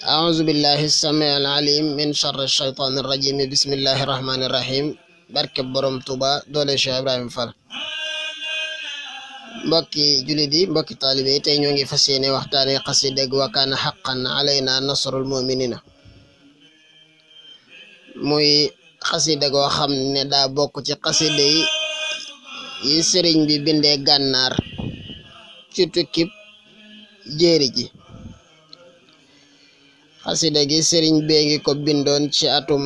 أعوذ بالله السميع العليم من شر الشيطان الرجيم بسم الله الرحمن الرحيم barke borom Touba doole Cheikh Ibrahima Fall mbokki jullit yi mbokki taalibe yi tey ñoo ngi fas yéene waxtaane xasida gi wa kaana xaqan alayna nasrul muminina muy xasida goo xam ne daa bokk ci xasida yi sëriñ bi bindee gànnaar ci tukkib jéeri xasida gi sëriñ beegi ko bindoon ci atum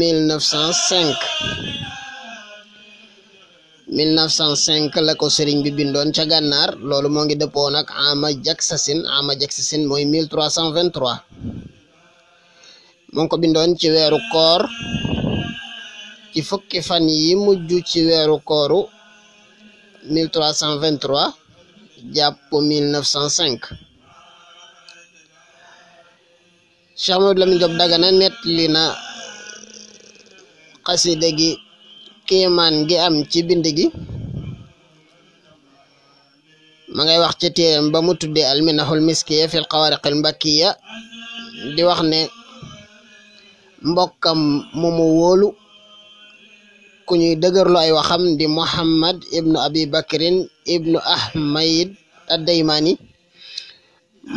1905 1905 la ko sëriñ bi bindoon ca gànnaar loolu moo ngi dëppoon ak ama jaksasin ama jaksasin mooy 1323 moo ko bindoon ci weeru koor ci fukki fan yi mujj ci weeru kooru 1323 jàpp 1905 Cheikh Mamadou Lamine Diop Dagana nettali na xasida gi gi am ci bind gi ma ngay wax ca téeram ba mu tuddee alminahul miskiya fil xawaariqil mbakkiya di wax ne mbokkam mu mu ku ñuy dëgërlu ay waxam di Muhammad ibnu Abi Bakrin ibnu Ahmayid ad-Daymaani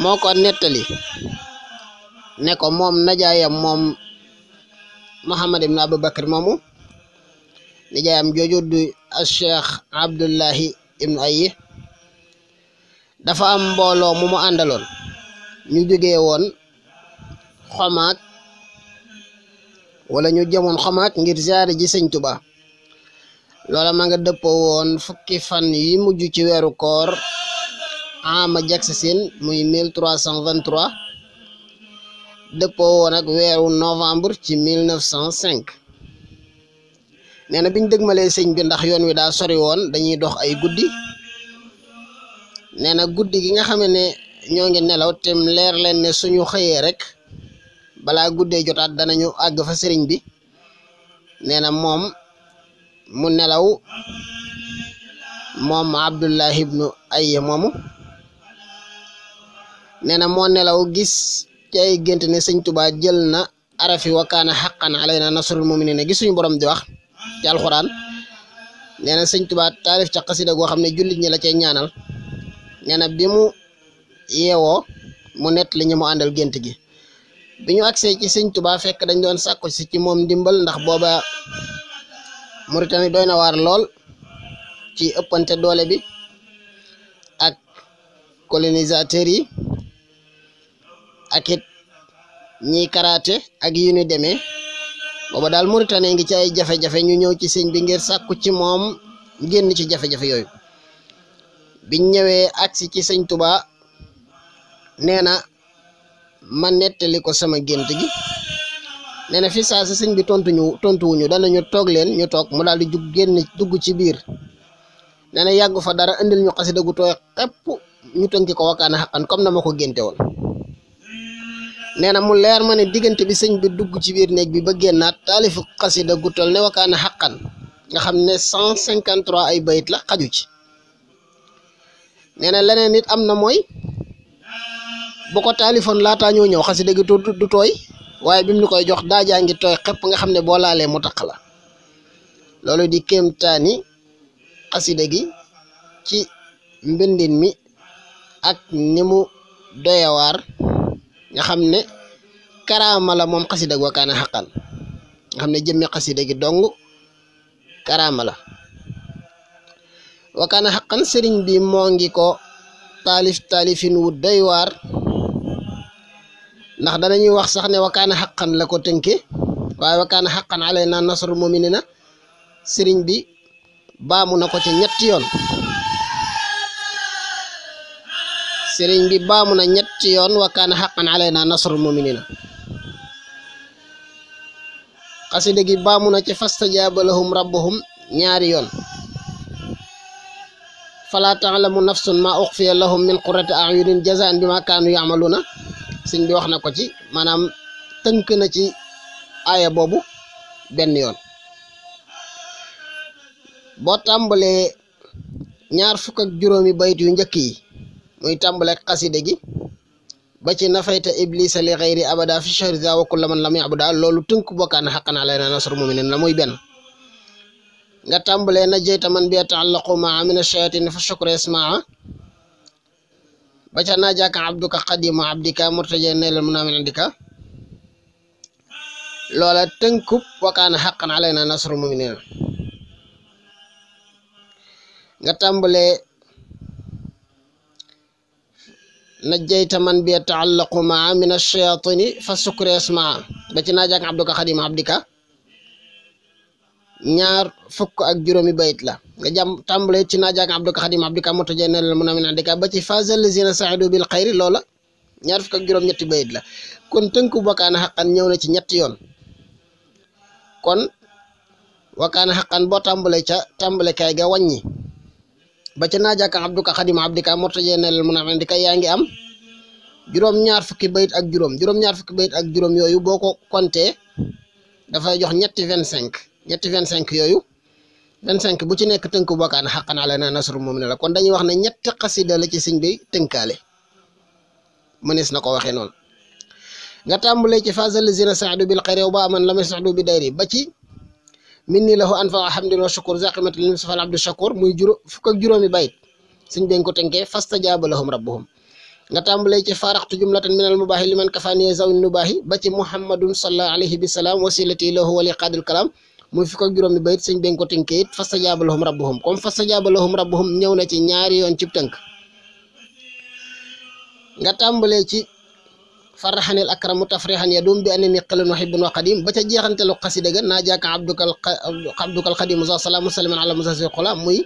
moo ko nettali ne ko moom najaayam moom Muhammad ibn Abubakar moomu nijaayam jooju du Cheikh Abdullahi ibn Ayyi dafa am mbooloo mu mu àndaloon ñu jógee woon xomaak wala ñu jëmoon xomaak ngir ziyaare ji sëñ Tuba loola ma nga dëppoo woon fukki fan yi mujj ci weeru koor ama jaksi sin muy 1323 dëppoo woon ak weeru novembre ci 1905 nee na biñ dëgmalee sëñ bi ndax yoon wi daa sori woon dañuy dox ay guddi nee na guddi gi nga xam e ne ñoo ngi nelaw tem leer leen ne suñu xëyee rek balaa guddee jotaat danañu àgg fa sëriñ bi nee na moom mu nelaw moom Abdullah ibnu Ayya moomu nee na moo nelaw gis ci ay gënte ne sëñ tubaa jël na arafi wa kana haqqan alayna nasrul muminin. gi suñu borom di wax ci alquran neena na sëñ tarif ci qasida go xamne xam jullit ñi la cay ñaanal neena bi mu yewo mu net li ñi mu andal gënte gi bi ñu ci sëñ tubaa fekk dañ doon sakku ci ci mom dimbal ndax boba Mauritanie doyna war lol ci ëppante doole bi ak colonisateur yi ak it ñiy karaate ak yu ñu demee booba daal Mauritanie ngi ci ay jafe-jafe ñu ñëw ci sëñ bi ngir sàkku ci moom génn ci jafe-jafe yooyu biñ ñëwee agsi ci sëñ Touba nee na ma nettali ko sama gént gi nee na fi saa si sëñ bi tontuñu tontuwuñu ñu toog leen ñu toog mu daal di jug génn dugg ci biir nee na yàggu fa dara indil ñu xasida gu tooy xepp ñu tënki ko wakkaana xaqan comme na ma ko génte nee mu leer mané digënté bi sëñ bi dugg ci biir néeg bi ba génnaat talifu qasida guttal ne wakana haqqan nga xamné 153 ay bayit la xaju ci nee leneen nit am moy bu ko la ta ñoo ñëw xasi degi du toy waye bimu ñu koy jox da ngi toy xep nga xamne bo laale mu taq la loolu di tani xasida gi ci mbindin mi ak nimu doya war nga xamne karama la mom qasida goo kana xaqan nga xamne ne qasida gi dong karama la wa kana xaqan sëriñ bi mo ngi ko talif talifin wu day war ndax danañuy wax sax ne wa kana xaqan la ko tenke wa wa kana xaqan alayna nasrul muminina bi baamu na ci ñetti yoon Sering bi baamu na ñett yoon wa kana haqqan alayna nasrul muminina xasida gi baamu na ci fastajaaba lahum rabbuhum ñaari yoon fala ta'lamu nafsun ma ukhfiya lahum min qurrati ayunin jazaan bima kanu ya'maluna yaamaluna bi wax na ko ci manam teunk na ci aya bobu ben yoon bo tambale ñaar fukk ak bayt yu ñeek yi muy tàmbale qasida gi ba ci nafayta iblis li xayri abada fi shahri za wa kulla man lam yabuda lolu tunk bokkaan haqqan alayna nasr muminin la muy ben nga tambale na jeyta man bi taallaqu ma min shayatin fa shukre ismaa ba ca jaka abduka qadim abdika murtaja neelal munaamin indika loola tënkub wakaana haqqan alayna nasr mu'minin nga najjayta man bi taallaqu maa min ash-shayatin fa sukrees maa ba ci ak abduka khadim abdika ñaar fukk ak juromi bayit la nga jam tambale ci ak abduka khadim abdika moto to nel mo namina ndika ba ci lazina saidu bil khair lola. ñaar fukk ak jurom ñetti bayit la kon tënku bakana haqqan ñew na ci ñetti yoon kon wakana haqqan bo tambale ca tambale kay ga ba ca naajàkka abduka xadima abdika mortajee nelel munafiqin di kay yaa ngi am juróom ñaar fukki bayit ak juróom juróom ñaar fukki bayit ak juróom yooyu boo ko compté dafay jox ñetti vingt cinq ñetti vingt cinq yooyu vingt cinq bu ci nekk tënk bokkaan xaqan ala na nasru moom ne la kon dañuy wax ne ñetti xasida la ci sëñ bi tënkaale mënees na ko waxee noonu nga tàmbalee ci fasal zina saadu bil xayri ba aman la may saadu bi ba ci min nii lahu anfa alhamdin wa shukur zaqimat lil mustafa abdu shakur muy juróom fukk ak juróomi bayit suñ dañ ko tënkee fastajaaba lahum rabbuhum nga tàmbalee ci faaraxtu jumlatan min al mubaahi liman kafaaniye zawin nubaahi ba ci muhammadun salla alayhi bi salaam wasilati lahu wali qaadil kalaam muy fukk ak juróomi bayit suñ dañ ko tënkee it fastajaaba lahum rabbuhum comme fastajaaba lahum rabbuhum ñëw na ci ñaari yoon cib tënk nga tàmbalee ci فرحني الأكرم تفريحا يدوم بأنني قل وحب وقديم بتجيغ أنت لو قصيدة جنا جاك عبدك abdul عبدك القديم مزا سلام مسلما على مزا زي قلا muy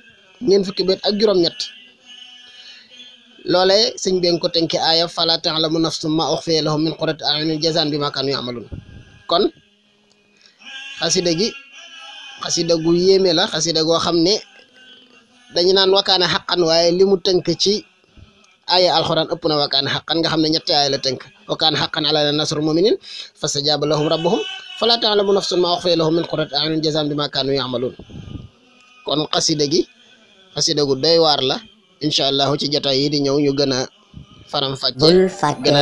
ngeen fukki bet ak juroom ñet lolé señ ben ko tenki aya fala ta'lamu nafsum ma ukhfi lahum min qurrati a'yun jazan bima kanu ya'malun kon qasida gi qasida gu yeme la qasida go xamne dañu nan wakaana xaqan waaye li mu tënk ci aya alquran uppuna na wakaana nga xamne ñet aya la tënk wa kaana haqqan alayna nasrul mu'minin fastajaaba lahum rabbuhum falaa ta'lamu nafsun maa ukhfiya lahum min qurrati a'yunin jazaa'an bimaa kaanu kon xasida gi xasida gu doy waar la incha allah ci jotaay yi di ñëw ñu gën a faram fàcce bul fàtte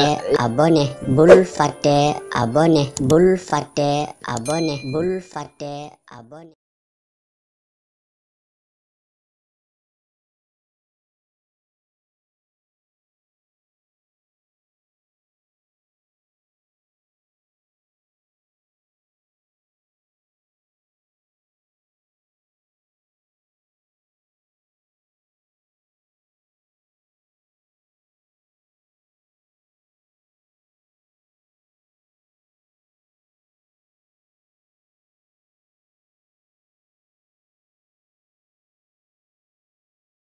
abonné bul fàtte abonné bul fàtte abonné bul